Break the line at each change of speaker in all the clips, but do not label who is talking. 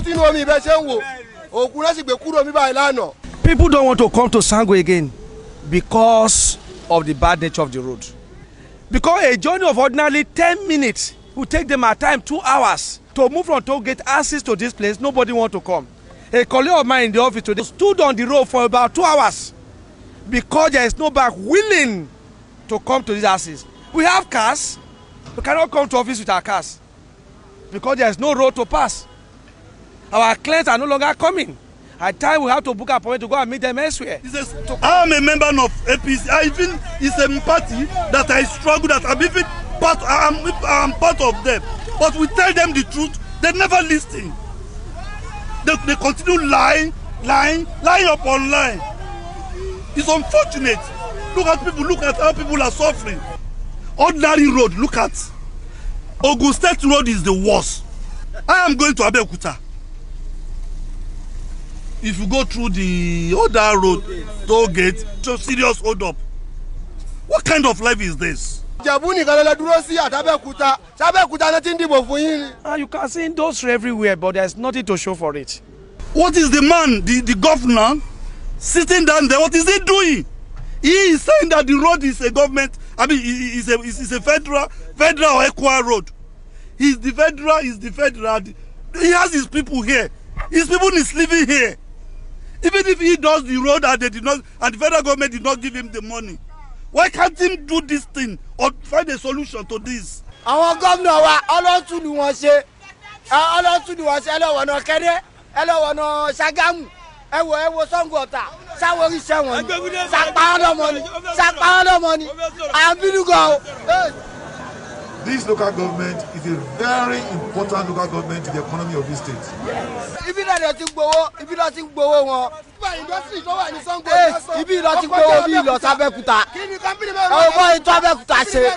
kú omi ibẹ̀ ṣe ń wò òkú náà sì gbé kúrò mi báyìí lánàá. people don't want to come to Sango again because of the bad nature of the road because a journey of ordinarily ten minutes will take them at time two hours to move from toll gate access to this place nobody want to come a colleague of mine in the office today stood on the road for about two hours because there is no back willing to come to this access we have cars we cannot come to office with our cars because there is no road to pass Our clients are no longer coming. At time we have to book appointment to go and meet them elsewhere. A,
am a member of APC. I even is a party that I struggle that I'm even part I am part of them. But we tell them the truth, they never listen. They, they continue lying, lying, lying upon lying. It's unfortunate. Look at people, look at how people are suffering. Ordinary road, look at. Ogun State Road is the worst. I am going to Abeokuta if you go through the other road toll gate to serious hold up what kind of life is this. ìjẹ̀bú nìkan lọ́lọ́ dúró
sí àtàbẹ̀kúta sábẹ̀kúta ló ti ń dìbò fún yín ah, you can see industry everywhere but there is nothing
to show for it. what is the man the the governor sitting down there what is he doing he is saying that the road is a government i mean is a is a federal federal or equa road he is the federal he is the federal he has his people here his people is living here Even if he does the road and they did not, and the federal government did not give him the money, why can't him do this thing or find a solution to this? àwọn gómìnà wa ọlọ́tún ni wọ́n ṣe ọlọ́tún ni wọ́n ṣe ẹ
kẹ́dẹ́ ẹ ṣàgámù ẹ wọ ẹ wo wọn ni sàpá ọlọ́mọ ni sàpá ọlọ́mọ ni àbínú gan
This local government is a very important local government to the economy of this state.
Ibi náà lọ ti gbowó, ibi náà ti gbowó wọn. Eh, ibi lọ ti gbowó bí ìlọ sábẹ́kúta. Kí ni company
Abẹ́kúta ṣe. Eh, ọwọ́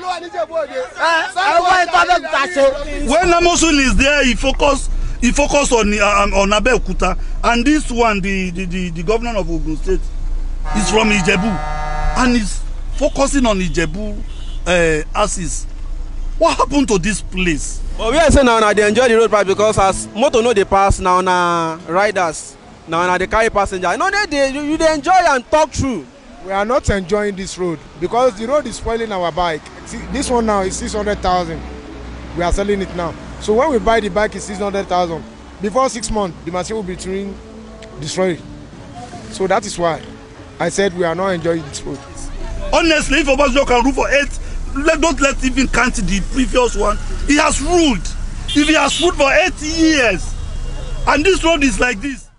ètò Abẹ́kúta ṣe. Eh, When Amosun
is there, he focus he focus on um, on Abeokuta and this one the the the, the governor of Ogun State is from Ijebu and he's focusing on Ijebu uh, axis what happen to this place but we
hear say na una dey enjoy the road pass because as motor no dey pass na una riders na una dey carry passenger i no dey dey you dey enjoy and talk true we are not enjoying this road because the road is spoiling our bike see this one now is six hundred thousand we are selling it now so when we buy the bike is six hundred thousand before six months the machine will be doing destroyed so that is why i said we are not enjoying this road.
honestly if obasanjo can rule for eight let, don't let even count the previous one. He has ruled. If he has ruled for eight years, and this road is like this.